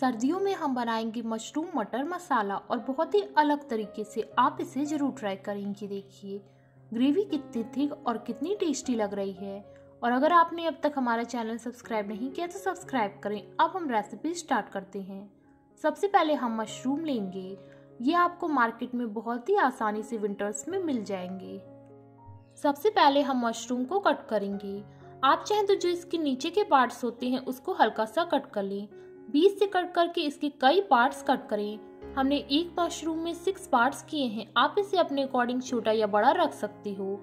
सर्दियों में हम बनाएंगे मशरूम मटर मसाला और बहुत ही अलग तरीके से आप इसे ज़रूर ट्राई करेंगे देखिए ग्रेवी कितनी थिक और कितनी टेस्टी लग रही है और अगर आपने अब तक हमारा चैनल सब्सक्राइब नहीं किया तो सब्सक्राइब करें अब हम रेसिपी स्टार्ट करते हैं सबसे पहले हम मशरूम लेंगे ये आपको मार्केट में बहुत ही आसानी से विंटर्स में मिल जाएंगे सबसे पहले हम मशरूम को कट करेंगे आप चाहें तो जो इसके नीचे के पार्ट्स होते हैं उसको हल्का सा कट कर लें बीस से कट करके इसके कई पार्ट्स कट करें हमने एक मशरूम में सिक्स पार्ट्स किए हैं आप इसे अपने अकॉर्डिंग छोटा या बड़ा रख सकते हो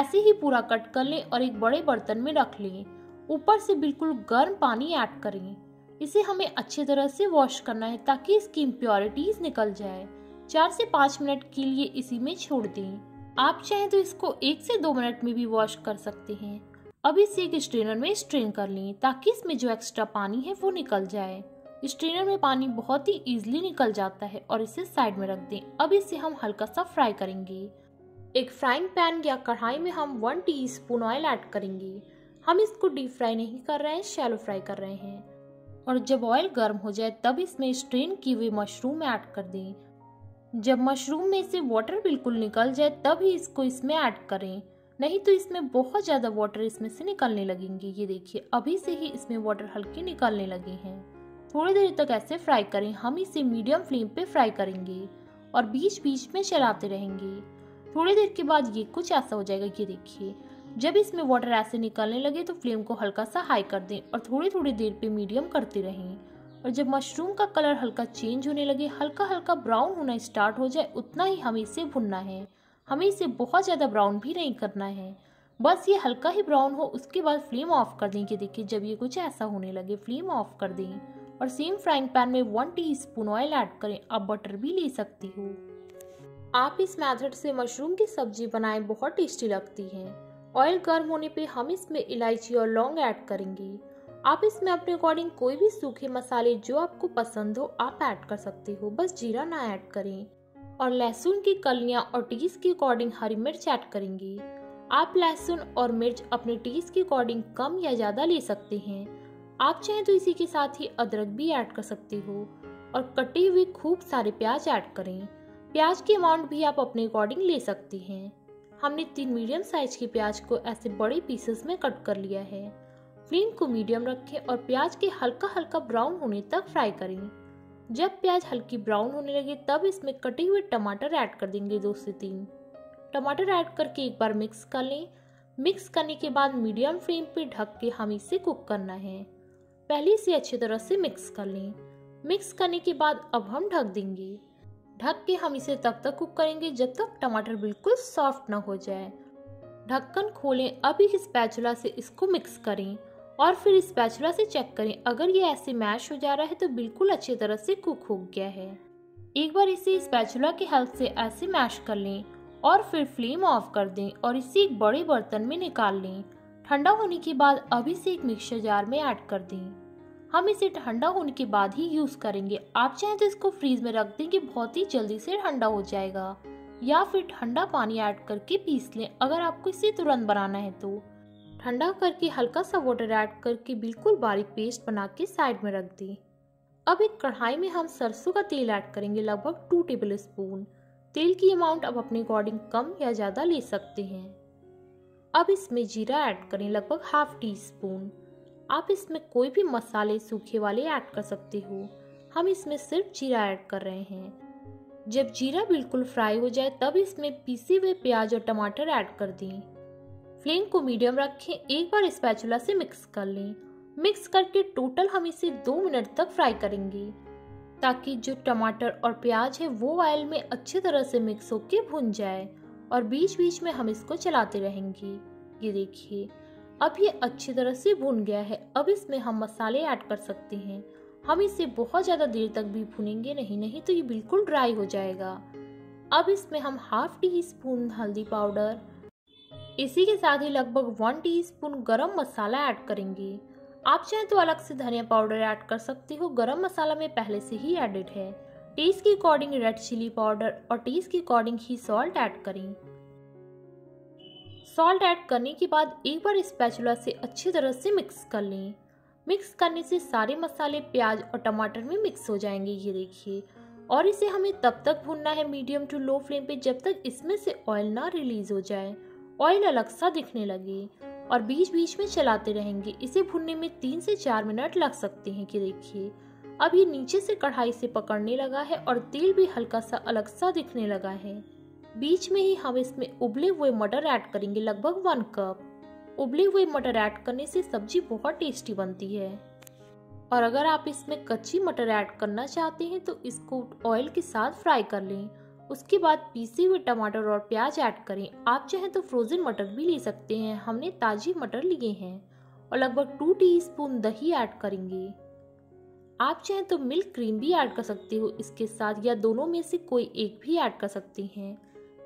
ऐसे ही पूरा कट कर लें और एक बड़े बर्तन में रख लें ऊपर से बिल्कुल गर्म पानी ऐड करें इसे हमें अच्छे तरह से वॉश करना है ताकि इसकी इम्प्योरिटीज निकल जाए चार से पाँच मिनट के लिए इसी में छोड़ दें आप चाहें तो इसको एक से दो मिनट में भी वॉश कर सकते हैं अब इसे एक स्ट्रेनर में स्ट्रेन कर लें ताकि इसमें जो एक्स्ट्रा पानी है वो निकल जाए स्ट्रेनर में पानी बहुत ही ईजिली निकल जाता है और इसे साइड में रख दें अब इसे हम हल्का सा फ्राई करेंगे एक फ्राइंग पैन या कढ़ाई में हम वन स्पून ऑयल ऐड करेंगे हम इसको डीप फ्राई नहीं कर रहे हैं शैलो फ्राई कर रहे हैं और जब ऑयल गर्म हो जाए तब इसमें स्ट्रेन की हुई मशरूम ऐड कर दें जब मशरूम में से वाटर बिल्कुल निकल जाए तब ही इसको इसमें ऐड करें नहीं तो इसमें बहुत ज़्यादा वाटर इसमें से निकलने लगेंगे ये देखिए अभी से ही इसमें वाटर हल्के निकलने लगे हैं थोड़ी देर तक ऐसे फ्राई करें हम इसे मीडियम फ्लेम पे फ्राई करेंगे और बीच बीच में चलाते रहेंगे थोड़ी देर के बाद ये कुछ ऐसा हो जाएगा ये देखिए जब इसमें वाटर ऐसे निकलने लगे तो फ्लेम को हल्का सा हाई कर दें और थोड़ी थोड़ी देर पे मीडियम करते रहें और जब मशरूम का कलर हल्का चेंज होने लगे हल्का हल्का ब्राउन होना स्टार्ट हो जाए उतना ही हमें इसे भुनना है हमें इसे बहुत ज़्यादा ब्राउन भी नहीं करना है बस ये हल्का ही ब्राउन हो उसके बाद फ्लेम ऑफ कर दें कि देखिए जब ये कुछ ऐसा होने लगे फ्लेम ऑफ कर दें और सेम फ्राइंग पैन में वन टीस्पून ऑयल ऐड करें आप बटर भी ले सकती हो आप इस मेथड से मशरूम की सब्जी बनाएं बहुत टेस्टी लगती है ऑयल गर्म होने पे हम इसमें इलायची और लौंग ऐड करेंगे आप इसमें अपने अकॉर्डिंग कोई भी सूखे मसाले जो आपको पसंद हो आप ऐड कर सकते हो बस जीरा ना ऐड करें और लहसुन की कलियां और टीस के अकॉर्डिंग हरी मिर्च ऐड करेंगे आप लहसुन और मिर्च अपने टीस के अकॉर्डिंग कम या ज़्यादा ले सकते हैं आप चाहें तो इसी के साथ ही अदरक भी ऐड कर सकते हो और कटे हुए खूब सारे प्याज ऐड करें प्याज की अमाउंट भी आप अपने अकॉर्डिंग ले सकते हैं हमने तीन मीडियम साइज के प्याज को ऐसे बड़े पीसेस में कट कर लिया है फ्लेम को मीडियम रखें और प्याज के हल्का हल्का ब्राउन होने तक फ्राई करें जब प्याज हल्की ब्राउन होने लगे तब इसमें कटे हुए टमाटर ऐड कर देंगे दो से तीन टमाटर ऐड करके एक बार मिक्स कर लें मिक्स करने के बाद मीडियम फ्लेम पे ढक के हम इसे कुक करना है पहले इसे अच्छी तरह से मिक्स कर लें मिक्स करने के बाद अब हम ढक देंगे ढक के हम इसे तब तक कुक करेंगे जब तक टमाटर बिल्कुल सॉफ्ट ना हो जाए ढक्कन खोलें अभी इस पैचुला से इसको मिक्स करें और फिर इस स्पैचुला से चेक करें अगर ये ऐसे मैश हो जा रहा है तो बिल्कुल अच्छी तरह से कुक हो गया है एक बार इसे इस स्पैचुला के हेल्प से ऐसे मैश कर लें और फिर फ्लेम ऑफ कर दें और इसे एक बड़े बर्तन में निकाल लें ठंडा होने के बाद अभी से एक मिक्सर जार में ऐड कर दें हम इसे ठंडा होने के बाद ही यूज़ करेंगे आप चाहें तो इसको फ्रीज में रख दें कि बहुत ही जल्दी से ठंडा हो जाएगा या फिर ठंडा पानी ऐड करके पीस लें अगर आपको इसे तुरंत बनाना है तो ठंडा करके हल्का सा वाटर ऐड करके बिल्कुल बारीक पेस्ट बना के साइड में रख दी अब एक कढ़ाई में हम सरसों का तेल ऐड करेंगे लगभग टू टेबल स्पून तेल की अमाउंट अब अपने अकॉर्डिंग कम या ज़्यादा ले सकते हैं अब इसमें जीरा ऐड करें लगभग हाफ टी स्पून आप इसमें कोई भी मसाले सूखे वाले ऐड कर सकते हो हम इसमें सिर्फ जीरा ऐड कर रहे हैं जब जीरा बिल्कुल फ्राई हो जाए तब इसमें पीसे हुए प्याज और टमाटर ऐड कर दें फ्लेम को मीडियम रखें एक बार स्पैचुला से मिक्स कर लें मिक्स करके टोटल हम इसे दो मिनट तक फ्राई करेंगे ताकि जो टमाटर और प्याज है वो ऑयल में अच्छी तरह से मिक्स होकर भुन जाए और बीच बीच में हम इसको चलाते रहेंगे ये देखिए अब ये अच्छी तरह से भुन गया है अब इसमें हम मसाले ऐड कर सकते हैं हम इसे बहुत ज़्यादा देर तक भी भुनेंगे नहीं नहीं तो ये बिल्कुल ड्राई हो जाएगा अब इसमें हम हाफ टी स्पून हल्दी पाउडर इसी के साथ ही लगभग वन टीस्पून गरम मसाला ऐड करेंगे आप चाहें तो अलग से धनिया पाउडर ऐड कर सकती हो गरम मसाला में पहले से ही एडिड है टेस्ट के अकॉर्डिंग रेड चिली पाउडर और टेस्ट के अकॉर्डिंग ही सॉल्ट ऐड करें सॉल्ट ऐड करने के बाद एक बार स्पैचुला से अच्छी तरह से मिक्स कर लें मिक्स करने से सारे मसाले प्याज और टमाटर में मिक्स हो जाएंगे ये देखिए और इसे हमें तब तक भूनना है मीडियम टू लो फ्लेम पे जब तक इसमें से ऑयल ना रिलीज हो जाए ऑयल अलग सा दिखने लगे और बीच बीच में चलाते रहेंगे इसे भुनने में तीन से चार मिनट लग सकते हैं कि देखिए अब ये नीचे से कढ़ाई से पकड़ने लगा है और तेल भी हल्का सा अलग सा दिखने लगा है बीच में ही हम इसमें उबले हुए मटर ऐड करेंगे लगभग वन कप उबले हुए मटर ऐड करने से सब्जी बहुत टेस्टी बनती है और अगर आप इसमें कच्ची मटर ऐड करना चाहते हैं तो इसको ऑयल के साथ फ्राई कर लें उसके बाद पीसे हुए टमाटर और प्याज ऐड करें आप चाहें तो फ्रोज़न मटर भी ले सकते हैं हमने ताजी मटर लिए हैं और लगभग टू टी स्पून दही ऐड करेंगे आप चाहें तो मिल्क क्रीम भी ऐड कर सकते हो इसके साथ या दोनों में से कोई एक भी ऐड कर सकते हैं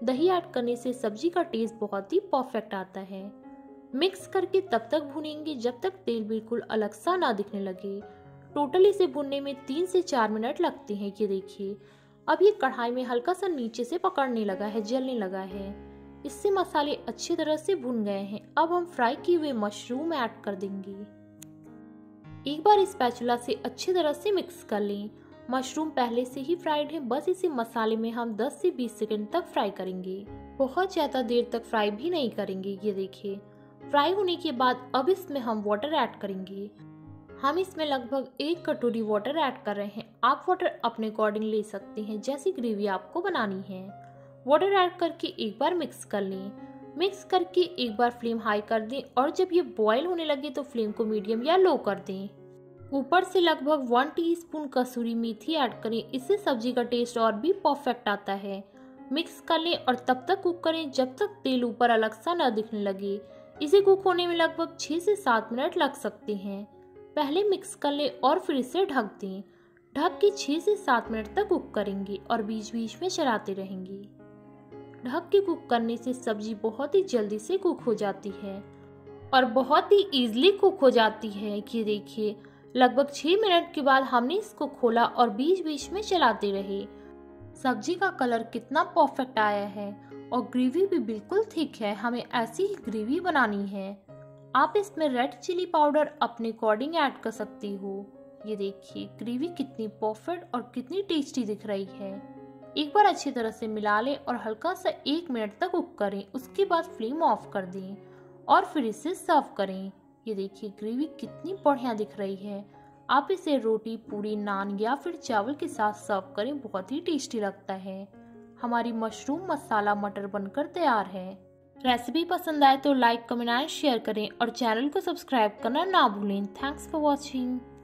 दही ऐड करने से सब्जी का टेस्ट बहुत ही परफेक्ट आता है मिक्स करके तब तक भुनेंगे जब तक तेल बिल्कुल अलग सा ना दिखने लगे टोटल इसे भुनने में तीन से चार मिनट लगते हैं ये देखिए अब ये कढ़ाई में हल्का सा नीचे से पकड़ने लगा है जलने लगा है इससे मसाले अच्छी तरह से भुन गए हैं अब हम फ्राई किए हुए मशरूम ऐड कर देंगे एक बार इस पैचुला से अच्छी तरह से मिक्स कर लें मशरूम पहले से ही फ्राइड है बस इसे मसाले में हम 10 से 20 सेकंड तक फ्राई करेंगे बहुत ज़्यादा देर तक फ्राई भी नहीं करेंगे ये देखिए फ्राई होने के बाद अब इसमें हम वाटर ऐड करेंगे हम इसमें लगभग एक कटोरी वाटर ऐड कर रहे हैं आप वाटर अपने अकॉर्डिंग ले सकते हैं जैसी ग्रेवी आपको बनानी है वाटर ऐड करके एक बार मिक्स कर लें मिक्स करके एक बार फ्लेम हाई कर दें और जब ये बॉयल होने लगे तो फ्लेम को मीडियम या लो कर दें ऊपर से लगभग वन टीस्पून कसूरी मेथी ऐड करें इससे सब्जी का टेस्ट और भी परफेक्ट आता है मिक्स कर लें और तब तक कुक करें जब तक तेल ऊपर अलग सा न दिखने लगे इसे कुक होने में लगभग छः से सात मिनट लग सकते हैं पहले मिक्स कर लें और फिर इसे ढक दें ढक के छः से सात मिनट तक कुक करेंगे और बीच बीच में चलाते रहेंगे ढक के कुक करने से सब्जी बहुत ही जल्दी से कुक हो जाती है और बहुत ही ईजिली कुक हो जाती है कि देखिए लगभग छः मिनट के बाद हमने इसको खोला और बीच बीच में चलाते रहे सब्जी का कलर कितना परफेक्ट आया है और ग्रेवी भी बिल्कुल थिक है हमें ऐसी ही ग्रेवी बनानी है आप इसमें रेड चिली पाउडर अपने अकॉर्डिंग ऐड कर सकती हो ये देखिए ग्रेवी कितनी परफेक्ट और कितनी टेस्टी दिख रही है एक बार अच्छी तरह से मिला लें और हल्का सा एक मिनट तक कुक करें उसके बाद फ्लेम ऑफ कर दें और फिर इसे सर्व करें ये देखिए ग्रेवी कितनी बढ़िया दिख रही है आप इसे रोटी पूरी नान या फिर चावल के साथ सर्व करें बहुत ही टेस्टी लगता है हमारी मशरूम मसाला मटर बनकर तैयार है रेसिपी पसंद आए तो लाइक कमेंट एंड शेयर करें और चैनल को सब्सक्राइब करना ना भूलें थैंक्स फॉर वॉचिंग